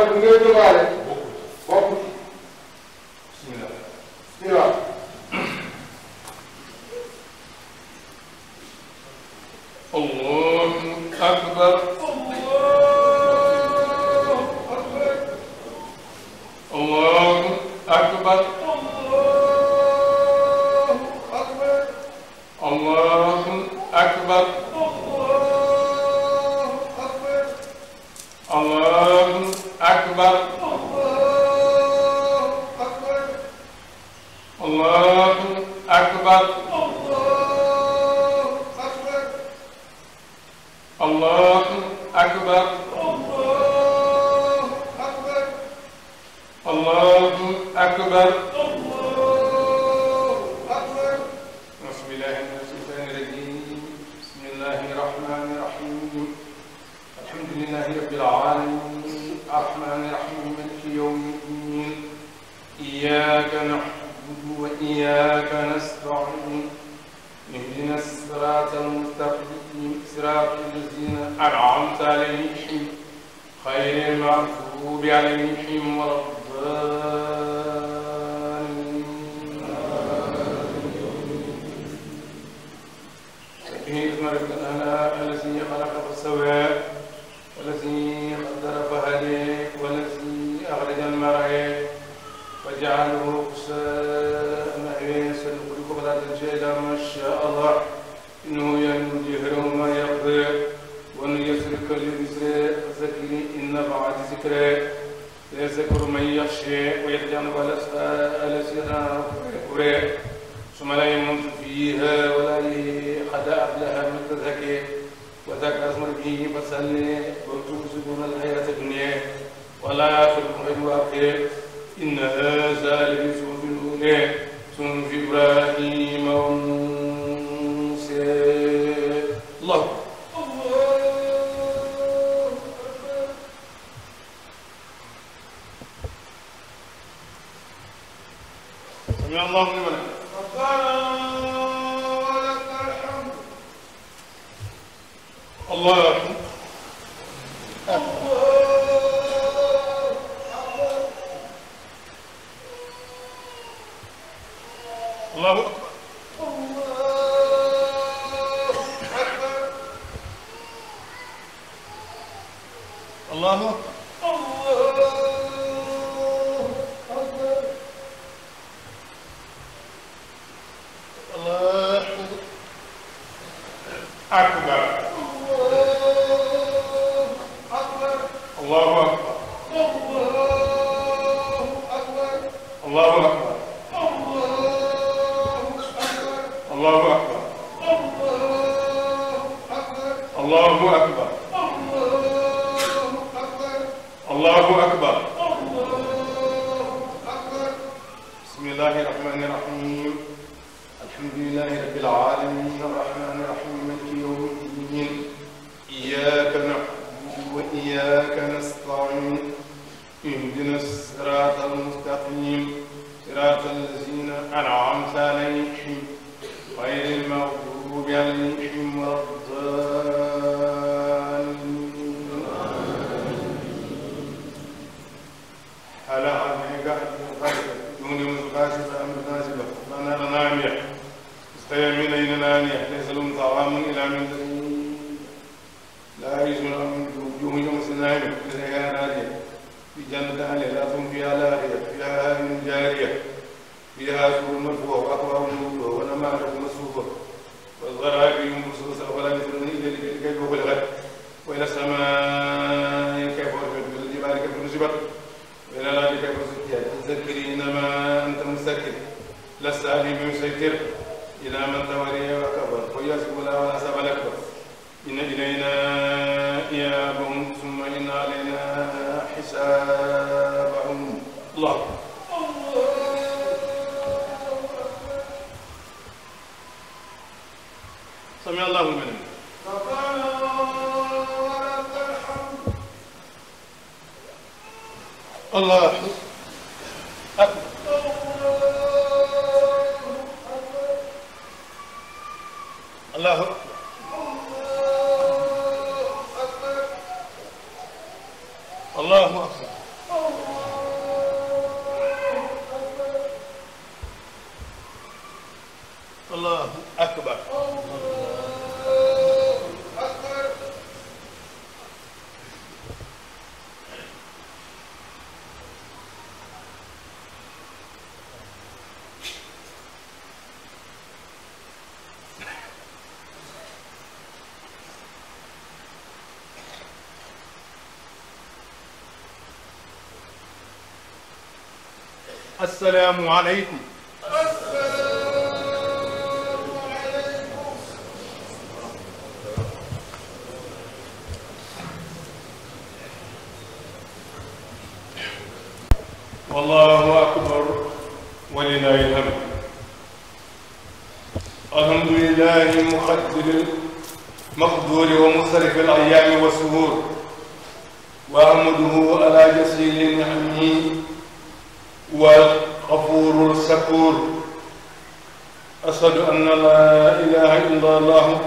kon ngay jógaale عليهم اهدنا الصراط المستقيم صراط الذين أنعمت عليهم غير المغضوب عليهم ولا الضالين اسم ربك الأعلى الذي خلق فسوى والذي قدر فهدي والذي أخرج المرعى وجعله قصارا إنه ينجهره ما يقضي وأن يسرك لليسر فذكرني إن بعد ذكرى ليذكر من يخشى ويتجنب الأسرى ويقرى ثم لا يموت فيها ولا قد أبلها من تذكى وذاك أزمر به فسل وتكسبون الحياة الدنيا ولا يخلق غير واقع إن هذا لبسوء الأولى ثم في إبراهيم ومن سمع الله لمن ربنا ولك الحمد الله lool assalaamu aleykum allahu akbar walilahi alhamd alhamdulilahi muqaddiri maqduri wa musarifi alayami wa suhur wa ahmaduhu ala jasiri nihami wa غفور شكور أشهد أن لا إله إلا الله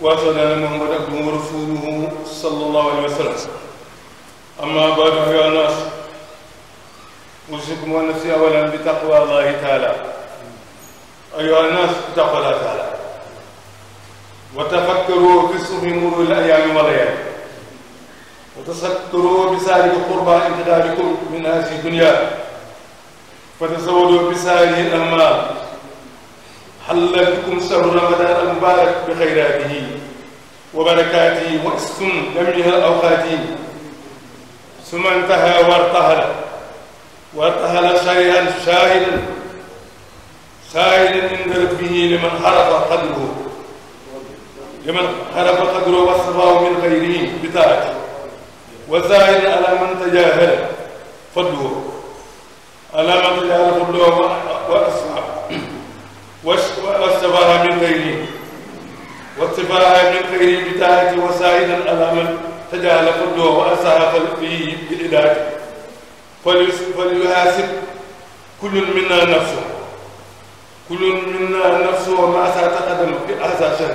وأشهد أن محمدا عبده ورسوله صلى الله عليه وسلم أما بعد فيا ناس أوصيكم ونفسي أولا بتقوى الله تعالى أيها الناس اتقوا الله تعالى وتفكروا في سوء مرور الأيام والليالي وتذكروا بسائر قربى امتدادكم من هذه الدنيا فتزودوا بسائر الأنمار حل بكم شهر رمضان المبارك بخيراته وبركاته واسكن جميع أوقاته ثم انتهى وارتهل وارتهل شيئا شاهدا سائلا عند ربه لمن حرف قدره لمن حرف قدره واصطفاه من غيره بطاعته وزائد على من تجاهل فضله alaa man jaarahu llaahu wa asmaa wa astafaaha min gayrihi wa astafaaha min gayrihi bi taa'ati wa saa'ilan alaa man tajaahalahu llaahu wa asaaha fiihi bil idaati falyuhaasib kullun minnaa nafsahu kullun minnaa nafsahu maa taqaddama min dhanbihi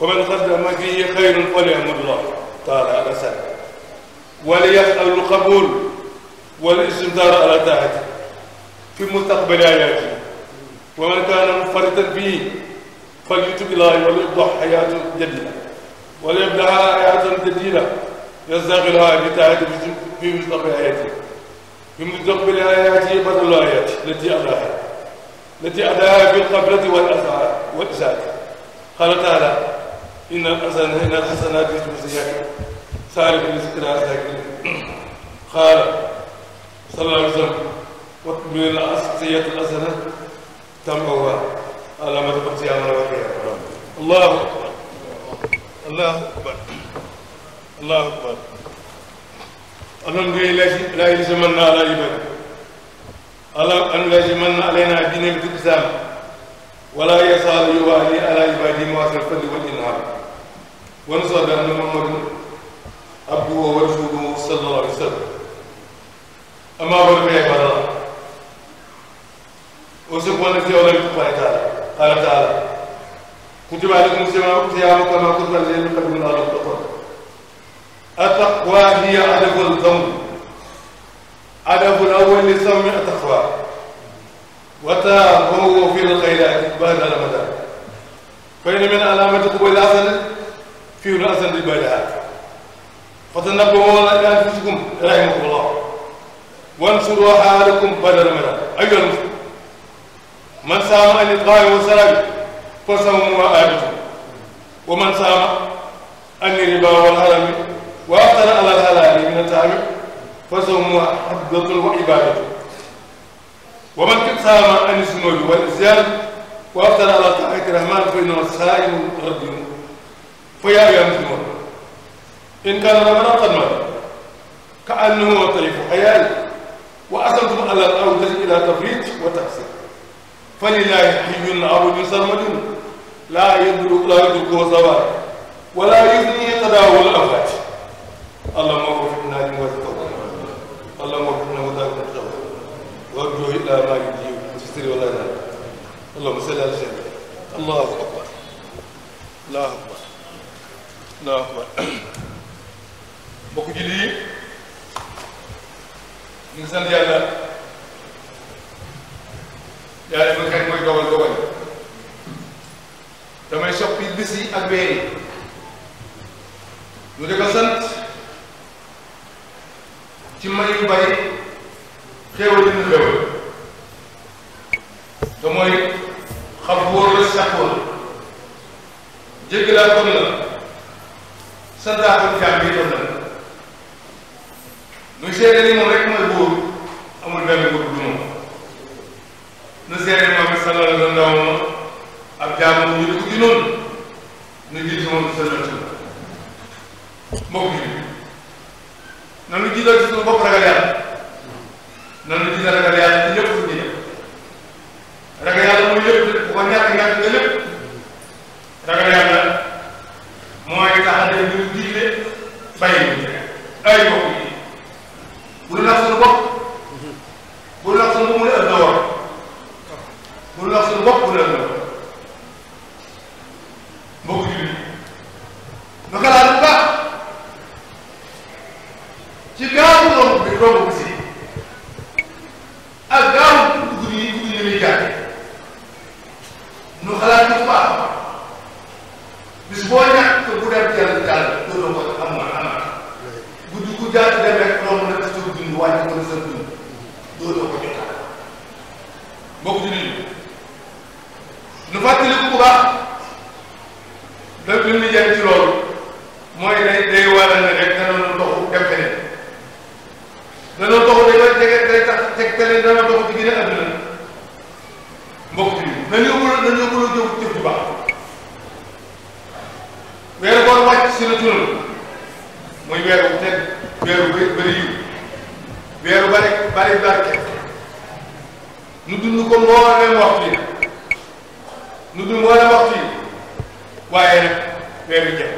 wa man qaddama fiihi khayrun falyahmudillaaha ta'aalaa alaa zaalika wa liyas'alil qabuul wala istimdaaru ala taati fi mustaqbali ayaati wa man kaana munfaridan bihi falyutub ilaahi wala yubdax xayaatan jadida wala yubdaxa xayaatan jadida yastaxilha bi taati fi mustaqbali ayaati fi mustaqbali ayaati badalu ayaati lati adaaha lati adaaha fi lqablati wal isaati qaala taala إن الحسنات يذهبن السيئات سارق الذكرى ساكرين قال sallallahu alayhi wa sallam واتبع العصية الحسنة تموها على ما تبقي يا مرحبا الله أكبر الله أكبر الله أكبر الحمد لله لا يلزمن على عباده ألا أن لا يلزمن علينا دين الإسلام ولا يصال يوالي على عباده مواصل الفضل والإنعام ونصر أن محمد عبده ورسوله صلى الله عليه وسلم أما أقول في عباد الله وسبحانه في أولئك تعالى قال تعالى كتب عليكم الصيام كما كتب على الذين من قبلكم لعلكم تتقون التقوى هي أدب الذنب أدب الأول لسمع التقوى وتابعوا في الخيرات بعد رمضان فإن من علامة قبول الحسن في رأس البلاء فتنبهوا على أنفسكم رحمكم الله wansuru haalakum badala mina ayyuhal muslim man saama an itaa'i wa sarabi fa sawmu wa aadatu wa man saama an riba wal harami wa aftara ala al halaali min ataami fa sawmu wa habdatun wa ibaadatu wa man saama an zunubi wal isyaani wa aftara ala taa'ati rahmaan fa innahu saa'imun ghaddiyun fa yaa ayyuhal muslimuun in kaana ramadan qad maata ka annahu tayyibu hayaati wa asaltum ala al-awdati ila tafrit wa taqsir falillahi hayyun abudun sarmadun la yadru la yadruku zawal wala yuzni qadahu al-afat اللهم اغفر لنا لما تقبل اللهم اغفر لنا وذاك التقبل وارجو الى ما يجيب في السر ولا ينال اللهم صل على سيدنا الله اكبر الله اكبر الله اكبر mbokk ji lii ñu ngi sant yàlla yàlla dafa xëy mooy dogal dogal soppi bis yi ak weer yi ñu sant ci may yu bari xéewal yi ñu te mooy xam wóor la sàkkoon jéggalaa kon la santaa kon jaam bi kon la muy seede ni moom rek dal ko du moom nu seere moom it sallallahu alayhi wa sallam ab jaamu ñu ko ginoon nu jiitu moom sallallahu alayhi wa sallam mbokk yi nanu jiital ci suñu bopp ragal yàlla nanu jiital ragal yàlla ci lépp suñu yëpp ragal yàlla mooy lépp bu ko ñàkk ñàkk lépp ragal yàlla mooy tax a dem ñu digle bàyyi ay mbokk yi bu lu nax suñu bopp nu xalaat bu baax bis boo ñàkk bu dem jël daal doo ko amoon amaat guddi gu jaar dem rek romb na sa dund wàññi ko na sa dund doo doo ko jotaat mbokk jullit yi nu fàttaliku bu baax daf leen di jëm ci loolu mooy day day waral ne rek dana doxu dem feneen dana doxu day tax tegtale dana doxu nan la mën a nan la mën a jëf jëf ju baax weeru koor weeru tedd weeru bëri bëri weeru bari bari barke nu dund ko mbooleem waxtu yi nu dund mbooleem waxtu yi waaye weeru jeex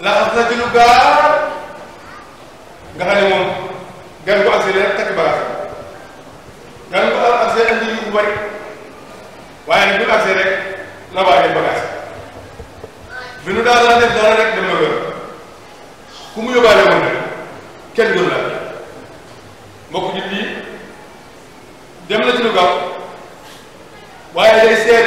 laxas na ci lu gaar nga xam ne moom gan ko accéléré takk bagage gan ko accéléré indi yu bari waaye nag bu ñu agsee rek na waajal bagage bi nu daal daan def rek dem na wér ku mu yóbbaale woon rek kenn gënu la mbokk ji dem na ci waaye day seet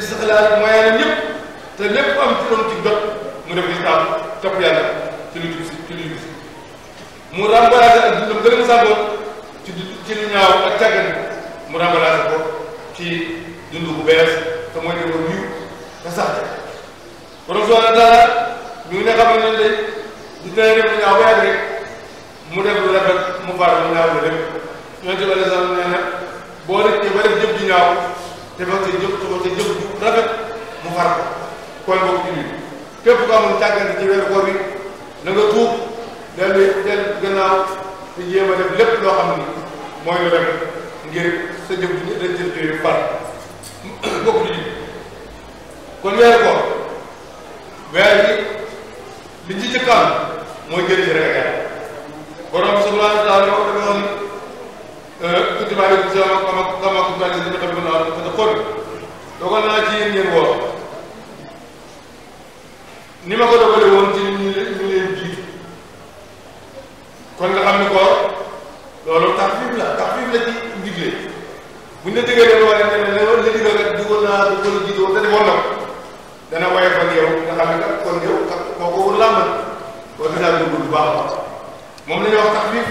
istixlaal moyen ñëpp te lépp am ci doon ci jot mu def lislaam topp yàlla ci lu jub si ci lu jub si mu remplacé a mu sàmmoon ci ci lu ko ci dund bees te mooy ne ko yiw te sax borom soo daal ñu ne xam ne de dina def lu ñaaw ba rek mu def lu mu faral lu ñaaw lu dem ñooñu ci wàllu sax nee na boo def ci ba def jëf ju ñaaw. defal sa jëf defal sa jëf ju rafet mu far ko koy bokk ci biir képp ku amul càggante ci weeru koor bi na tuub dellu dellu gannaaw te jéem a lépp loo xam ni mooy lu rafet ngir sa jëf ju rëccël jooyu far bokk ci biir kon weeru koor weer bi li ci jëkk am mooy gën ci ragal borom subhanahu wa taala dafa wax kutub aay bi sama kama kama kutub aay bi dafa mën a am dafa kon dogal naa ci yéen ngeen woor ni ma ko dogalee woon ci ñu ñu leen jiit kon nga xam ne koor loolu taxfiif la taxfiif la ci ndigle bu ñu la déggee dañu war a ne ne loolu la digal kat digoon naa ko la jiit woon te defoon na ko dana woye fa yow nga xam ne kat kon yow kat kooku wul làmb war nga daal dugg bu baax a baax moom la ñuy wax taxfiif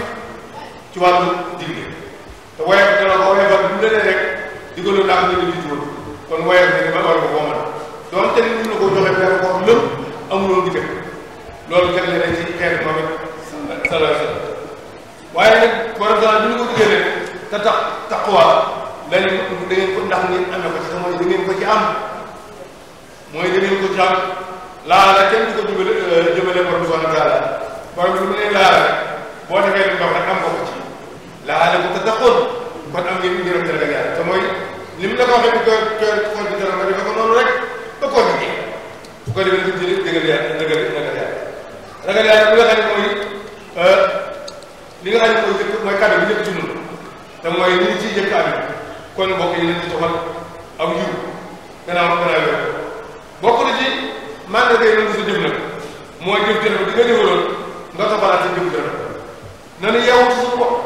ci wàllu digle te woyaf dana ko woyafal bu ñu rek di ko doon daal ñu jiitu woon kon woyaf bi man war ko koo mën donte ni ñu la ko joxee dafa ko lépp amuloo di def loolu kenn la ci xeetu moom it salaasa waaye nag borom daal bi ñu ko digalee te tax taqwa la ne da ngeen ko ndax ngeen amee ko ci te mooy da ngeen ko ci am mooy da ngeen ko ci am laala kenn du ko jubale jëmale borom subhanahu wa taala borom bi mu ne laala boo defee lu baax rek am nga ko ci laale ko tattaqoon kon am ngeen ngërëm dara yàlla te mooy li mu la ko waxee bi ko noonu rek ba koor bi jeex xam ne mooy euh, li nga xam ne mooy te mooy li ñu ciy jëkk kon mbokk yi nañ ci toxal ak yiw gannaaw gannaaw yoon bokk na ci maanaam day mën sa jëf nag mooy jëf jëf di nga jëfaloon nga topalaat sa jëf jëf na nu yeewu ci suñu bopp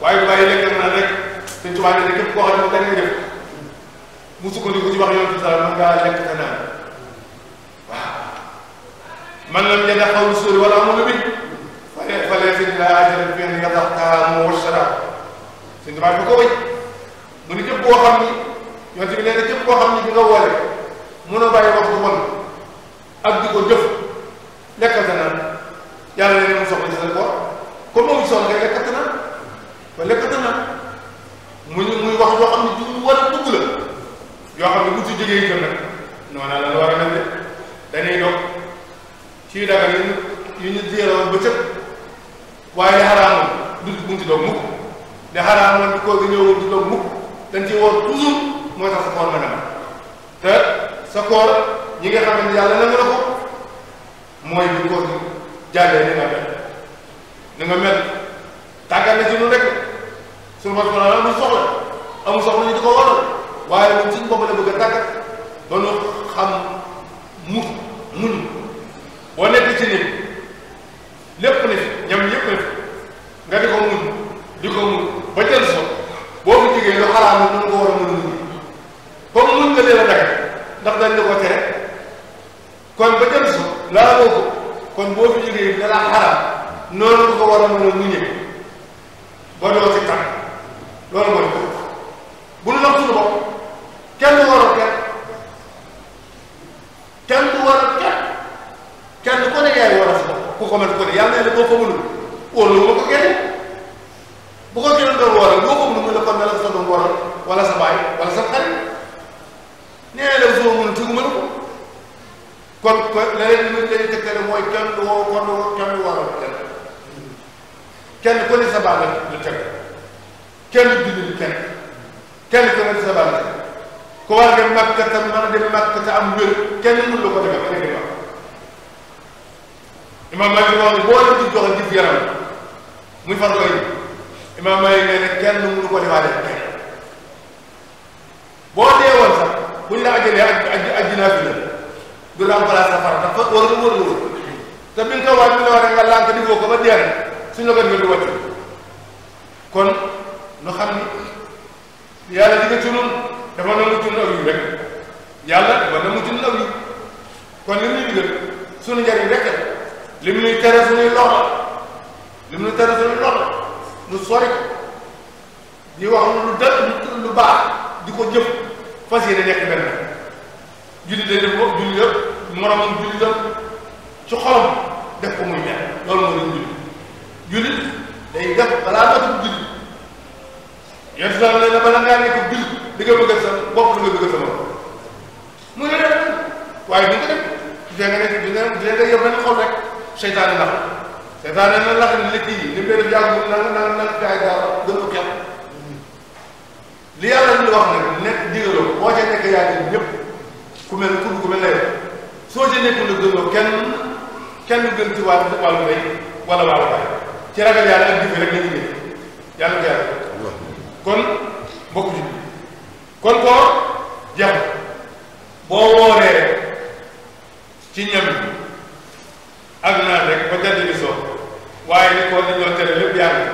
waaye bàyyi lekk rek suñ tubaab ne képp koo xam ne moom da ci wax yoon bi sax mën ngaa lekk te naan waaw man lam yada xawlu sóori wala amul bi fale fale sëñ la ajal fi nga tax taa mu wasara suñ tubaab bi ko wëj mu ni képp koo xam ni yoon bi nee na képp koo xam ni bi nga woole mën a bàyyi wax du bon ak di ko jëf lekkal te yàlla ne mu soxla ci sa ko comme moom soxla kay lekkal jógee itam nag noona la war a mel de dañuy yokk ci dagal yu ñu yu ñu jéeroon ba cëpp waaye li xaraamoon du buñ ci doog mukk li xaraamoon di koo gi ñëwoon mukk dañ ci woor toujours mooy tax sa koor mën a mel te sa koor ñi nga xam ne yàlla nangu na ko mooy bi koor gi jàllee nga mel ni nga mel tàggat na ci lu rek suñu bopp la amul soxla amul soxla ñu di ko waral waaye nag suñ bopp la bëgg a tàggat ba nu xam mu muñ boo nekk ci nit lépp ne fi ñam yépp ne fi nga di ko muñ di ko muñ ba jël so boo ko a mën muñ comme muñ nga leen a dagg ndax jël so laa loo kon boo fi jigéen dana xalaat noonu nga ko war a mën a muñee ba doo ci tànn loolu mooy ko bu nu nag suñu bopp kenn du waral kenn kenn du waral kenn kenn ku ne yaay waral si bopp ku ko mën ku ne yàlla nee na boo ko mënul óolu nga ko kenn bu ko kenn doon waral boo ko mënul mu ne kon ne la sa doon waral wala sa baay wala sa xarit nee na la soo mënul tëgu mënu ko kon ko leneen li muy lay tëkkale mooy kenn du woo kon du kenn du waral kenn kenn ku ne sa baal la lu teg kenn du dindi kenn kenn ku ne sa baal la ku war dem Makka te mën a dem Makka te am wér kenn mënu la ko defee ba léegi ba. Imaam Maalik wax ne boo leen di joxe jëf yaram muy farlu ay Imaam Maalik nee na kenn mënu ko defaale kenn boo dee woon sax bu ñu la ajalee aj aj ajjinaa fi la du remplacer sa farata fa war nga war nga war te bi nga ko waaj bi nga war nga lànk di ko ba dee suñ la ko defee du wàcc kon nu xam ni yàlla di nga ci noonu. dafa nangu ci aw yiw rek yàlla dafa nangu ci aw yiw kon li muy digal suñu njariñ rek li muy tere suñuy loxo li muy tere suñuy loxo nu sori ñuy wax lu dëgg lu baax di ko jëf fas yéene nekk benn julli day def julli yëpp moromam julli yëpp ci xolam def ko muy ñaar loolu moo doon julli julli day def balaa nga dugg julli yenn saa ne la bala ngaa nekk julli li nga bëggal sa bopp nga bëggal sa bopp muy la def waaye bu ñu ko def su nga ne di nga di nga yow benn xol rek seytaane lax seytaane na la kii li mu def jàngu na nga na nga gaay daaw gën ko képp li yàlla ñu wax nag nekk digaloo boo ku mel ku ku mel soo ca nekkul ne gënoo kenn gën ci wàllu wàllu mbay wala wàllu bay ci ragal yàlla ak jiw rek la ñu jëm ko yàlla kon koor jeex boo wooree ci ñam ak naan rek ba jant bi soo waaye ni koor tere lépp yaa ngi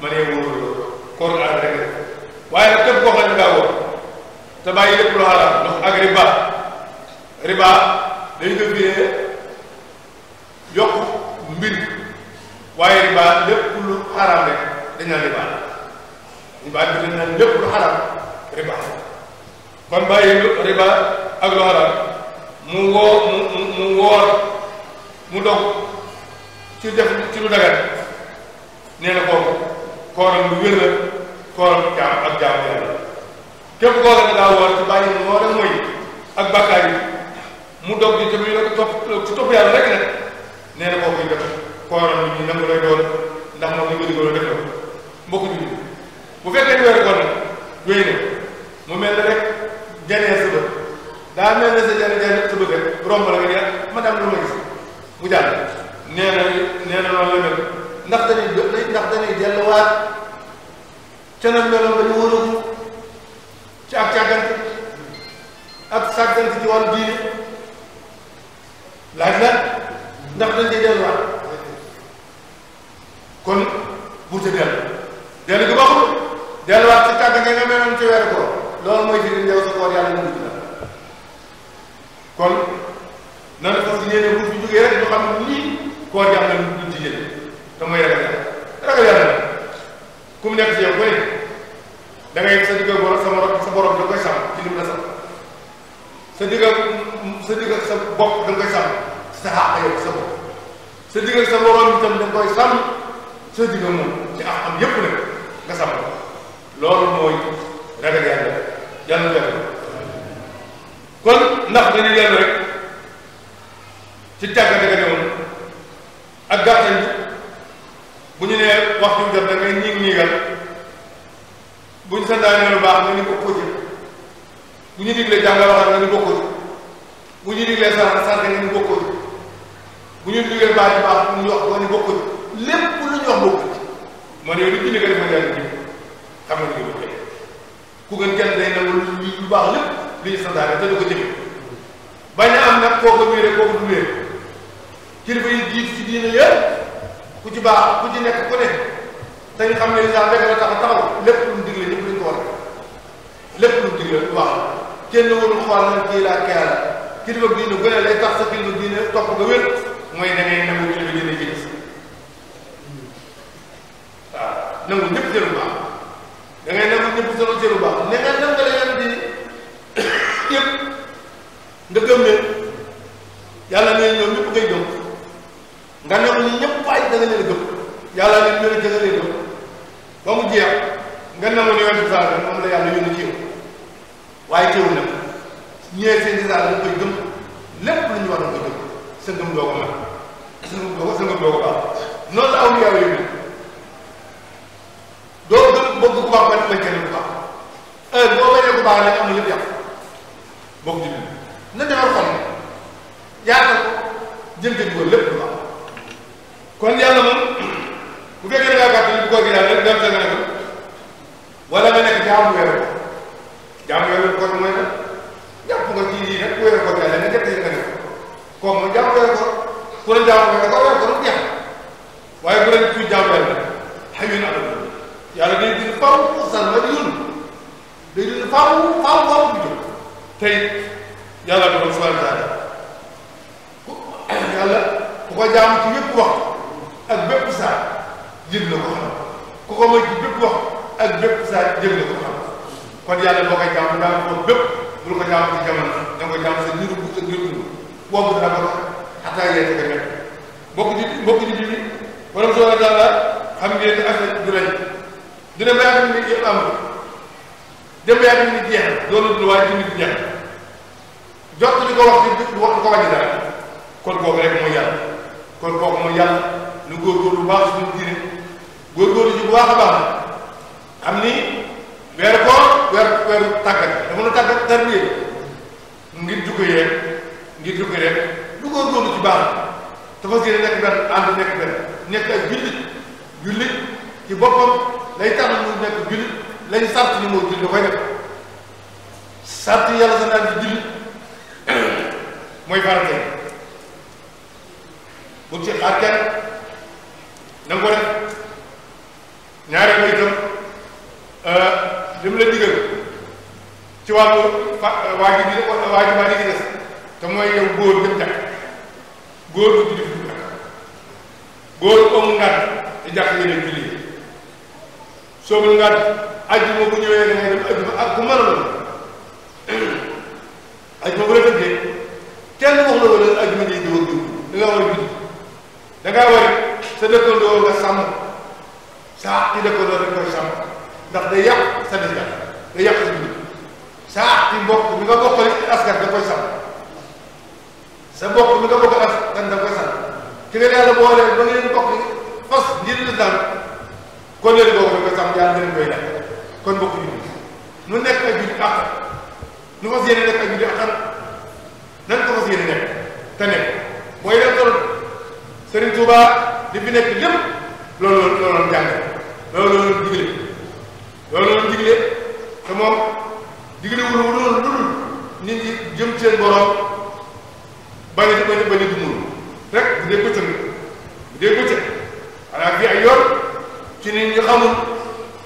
ma nee wóoruloo koor aar rek rek waaye nag képp koo xam ne woor te bàyyi lépp lu xaraam ndax ak riba riba dañu ko firee yokk mbir waaye riba lépp lu xaraam rek dañ naan riba riba bi dañ naan lépp lu xaraam riba kon bàyyi riba ak lu xaraam mu woo mu mu woor mu dog ci def ci lu dagat nee kooku kooram lu wér la kooram di jëm topp ci topp yàlla rek nag nee na kooku kooram lu ñu nangu lay doon ndax moom li nga digaloon def na ko mbokk bu fekkee ñu weer koor nag wéy mu mel ne rek janee sa bët daa mel ne sa jane jane sa bët rek romb la nga ñëw lu ma gis mu jàll nee na mel ndax dañuy ndax dañuy delluwaat ca na meloon ba ñu wóoragul ci ak càggante ak sàggante ci wàllu diine laaj la ndax dañ ciy delluwaat kon bu ca dellu dellu gi bokkul delluwaat ci tàgg nga meloon ci weeru koor loolu mooy firi ndew sa koor yàlla mujj la kon nan la fas yéene bu fi jógee rek ñu xam lii koor yàlla nekk ci yow koy sàmm sa digga sa sa bopp da nga sa digga sa sa digga moom ci am am yépp nga sàmm loolu mooy ragal yàlla yàlla na jafe kon ndax dañuy dellu rek ci tàggate nga newoon ak gàttal bu ñu nee waxtu bi jot da ngay ñiig bu ñu santaane nga ni ko bu ñu diglee jàng waxal nga ni ko kóote bu ñu nga ni ko bu ñu diglee baax ci baax bu ñu wax nga ni ko kóote lépp lu ñu wax bokkul moo ne yow ñu liggéey dafa jaar ci xam nga ni ko ku gën kenn day nangu lu baax lépp li ñu santaane te du ko jëfe bañ a am nag kooku wéere kooku du kilifa yi jiit ci diine yëpp ku ci baax ku ci nekk ku ne dañ xam ne lislaam rek la tax a taxaw lu mu digle ñëpp ko war lépp lu mu digle lu baax kenn warul xool nag kii laa kee kilifa diine bu ne lay tax sa kilifa diine topp nga wér mooy da ngay nangu kilifa diine ji des waaw nangu ñëpp jël baax da ne bu solo cëru baax ne nga dem nga leen di yëpp nga gëm ne yàlla ne ñoom ñëpp ngay gëm nga ne ko ñun ñëpp waay da nga leen gëm yàlla ne ñu ne da nga leen gëm ba mu jeex nga nangu ne yoon saa bi moom la yàlla yónni ci yow waaye teewul nag ñëwee seen gisaar gëm lépp lu ñu war a ko gëm sa ngëm doo ko mën sa ngëm doo ko sa ngëm doo ko baax noonu la aw yaaw yi doo gën a bëgg ku baax nga bañ kenn ku baax heure boo bañee ku baax rek am na bokk ci biir na defar xol yàlla jël ko dugal lépp lu baax kon yàlla moom bu fekkee da ngaa gàttal bu ko gi yàlla rek dem sa nga nekk wala nga nekk jaamu weeru jaamu weeru ko mooy nag tey yàlla dogal subhanahu wa taala ko jaam ci bépp wax ak bépp saa yëg la ko xam ku ko mooy ci bépp wax ak bépp saa yëg la ko xam kon yàlla boo ko bépp bul ko ko jaam sa niru bu sa niru bu boobu dina ko xam ngeen ne affaire du dina ba yàgg ni am dem ba yàgg ni jeex doonul lu waaye ci nit jot li ko wax di du wax du ko wàññi dara kon kooku rek mooy yàlla kon kooku mooy yàlla lu góorgóorlu baax suñu diine góorgóorlu ji bu baax a baax am ni weeru koor weeru weeru tàggat dafa nu tàggat tarbiye ngir jukko yeeg ngir jukko rek lu góorgóorlu ci baax dafa yéene nekk benn ànd nekk benn nekk ak jullit jullit ci boppam lay tax mu nekk jullit lañ sart ni moo jullit da koy def sart yàlla sa naan ci jullit mooy farata bu ci xaar kenn na nga ko def ñaareel bi itam euh, li mu la digal ci wàllu fa waajib bi waajibaat yi des te mooy yow góor dem jàkk góor du julli fi jàkk góor amul ngat te jàkk nga dem julli soobul ngat ajjuma bu ñëwee da ngay dem ajjuma ak ku mën a ajjuma bu la tëddee kenn wax la wala ajuma ngay dóor dóor da nga war a judd da ngaa war sa dëkkandoo nga da saa ci dëkkandoo dañ koy sàmm ndax day yàq sa lislaam sa dund saa ci mbokk bi nga bokkale da koy sàmm sa bi nga bokk askan da koy sàmm ki bokk fas ngir lislaam kon léegi boobu da koy sàmm yàlla ngeen koy lekk kon mbokk nu nekk ak jullit àq nu fas yéene nekk ak jullit te nekk mooy dem tool Serigne Touba li fi nekk lépp loolu loolu loolu jàng loolu loolu digle loolu loolu digle te moom digle wul wul loolu dul nit ñi jëm seen borom bañ a bañ a bañ rek bu dee bëccëg bu dee bëccëg xanaa fii ay yoon ci nit ñi xamul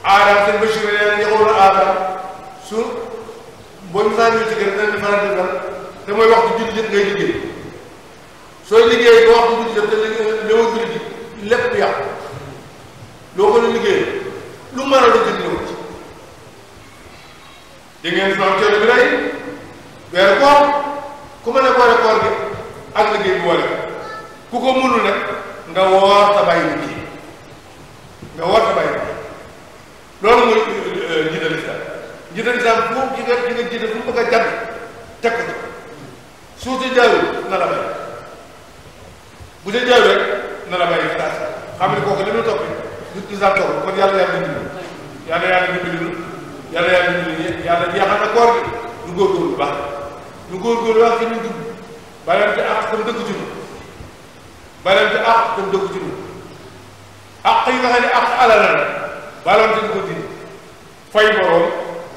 aadam seen Bachir nee na ñu xamul aadam su boo ñu saa ñëw ci gën danañ faral di te mooy waxtu julli yëpp ngay liggéey. sooy liggéey boo xam ne te léwa jullit yi lépp yàqu loo mën a liggéey a ko mënul nga woor sa bàyyi liggéey sa bàyyi loolu mooy euh, njiital islam njiital islam foofu ji nga ji nga jiite mu bëgg a jàdd teg ko ci suuti jaayul na la bay bu dee jooy rek na la bàyyi place xam kooku li muy topp nit ñi sax kon yàlla yàlla dimbali yàlla yàlla dimbali yàlla yàlla dimbali yàlla jeexal na koor gi ñu góorgóorlu baax ñu góorgóorlu baax ci ñu dugg balante ak comme dëgg ci ak comme dëgg ci ak yi nga xam ak alal la balante ñu ko dindi fay borom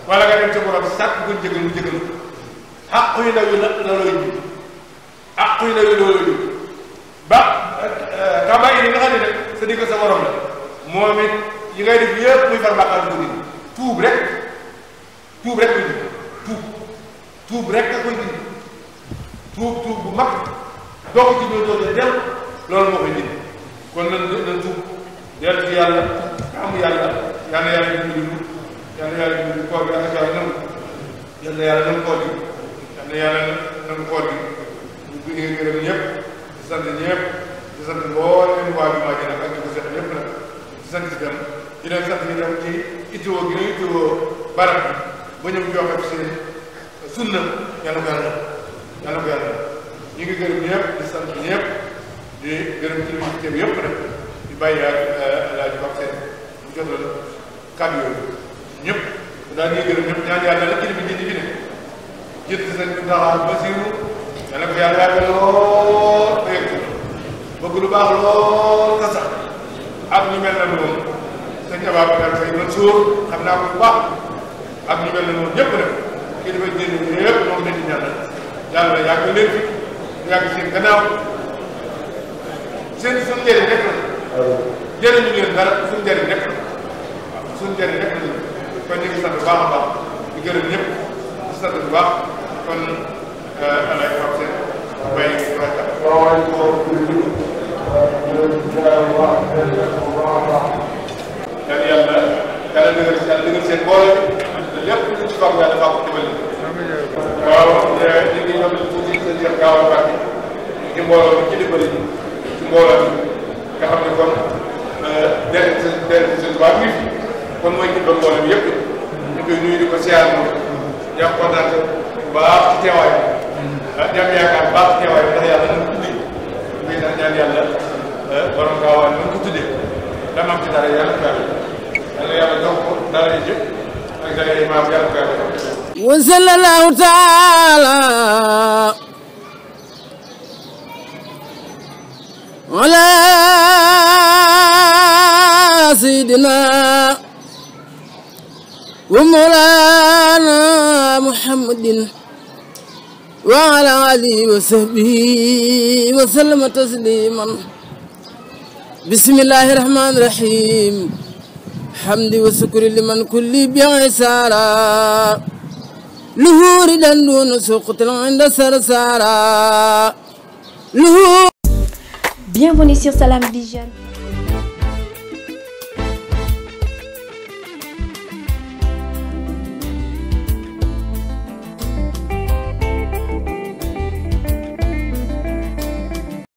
wala nga dem ci borom sàkk ko jëgal mu jëgal xaq yi na yu la looy ji ba kabaay yi nga xam ne nag sa digg sa borom la moom it yi ngay def yëpp muy far bàkkaar bu dindi tuub rek tuub rek koy dindi tuub tuub rek nga koy dindi tuub tuub bu mag doo ko ci ñëw doole del loolu moo koy dindi kon nan nan tuub dellu ci yàlla am yàlla yàlla yàlla ñu ngi dund yàlla yàlla ñu ngi koor bi ak yàlla nangu yàlla yàlla nangu koor bi yàlla yàlla nangu koor bi ñu ngi gërëm ñëpp di sant ñëpp di sant mboolem waa jumaa ji nag ak di ko seq ñëpp nag di sant si dem di leen sant ñu dem ci itoo gi ñu itoo barab bi ba ñëw joxe seen sunna yàlla ko yàlla yàlla ko yàlla ñu ngi gërëm ñëpp di sant ñëpp di gërëm ci li teew yëpp nag di bàyyi ak laaj wax seen mu jotal kàddu yooyu ñëpp daal ñuy gërëm ñëpp ñaan yàlla la kilifa ji di fi ne jëtt seen Muntaxa Basiru yàlla ko yàlla yàggal lool bëgg lu baax lool nga sax ak mel na moom sëñ Ababacar Faye Mansour xam naa ko bu baax ak mel na moom ñëpp nag ki dafay génn yëpp moom dañu ñaanal yàlla yàgg leen fi yàgg seen gannaaw seen suñu njëriñ nekk na jëriñu leen dara suñu njëriñ nekk na waaw suñu njëriñ nekk na kon ñu ngi sant bu baax a baax di gërëm ñëpp di baax kon alaay xam seen bay waaw waaw yal yàlla yàlla dëgër yàlla dëgër seen boole lépp luñ ci fàggu yàlla fàggu jëmale waaw ñu ngi ñoom tuuti sa jër gaaw a fàtte ci mbooloo bi ci dimbali ci mbooloo bi nga xam ne kon dell sa dell sa tubaab bi kon mooy ci doon mbooloo bi yëpp ñu koy nuyu di ko siyaar moom jàpp kontaan baax ci teewaay ah jàpp yaakaar baax ci teewaay ndax yàlla na mu tuddi muy ñaan yàlla Euh, borom gaawaan mën ko tuddee dama am ci dara yàlla ko yàlla yàlla yàlla jox ko dara yi jëpp ak dara yi maam yàlla ko yàlla wa sallallahu taala ala sayyidina wa mawlana muhammadin wa ala alihi wa sahbihi wa sallama tasliman bismillahi rahmaani rahim hamdi wa sukri liman kulli bien sara luhuuri dan duunu suqtal inda sarsara luhuur Bienvenue sur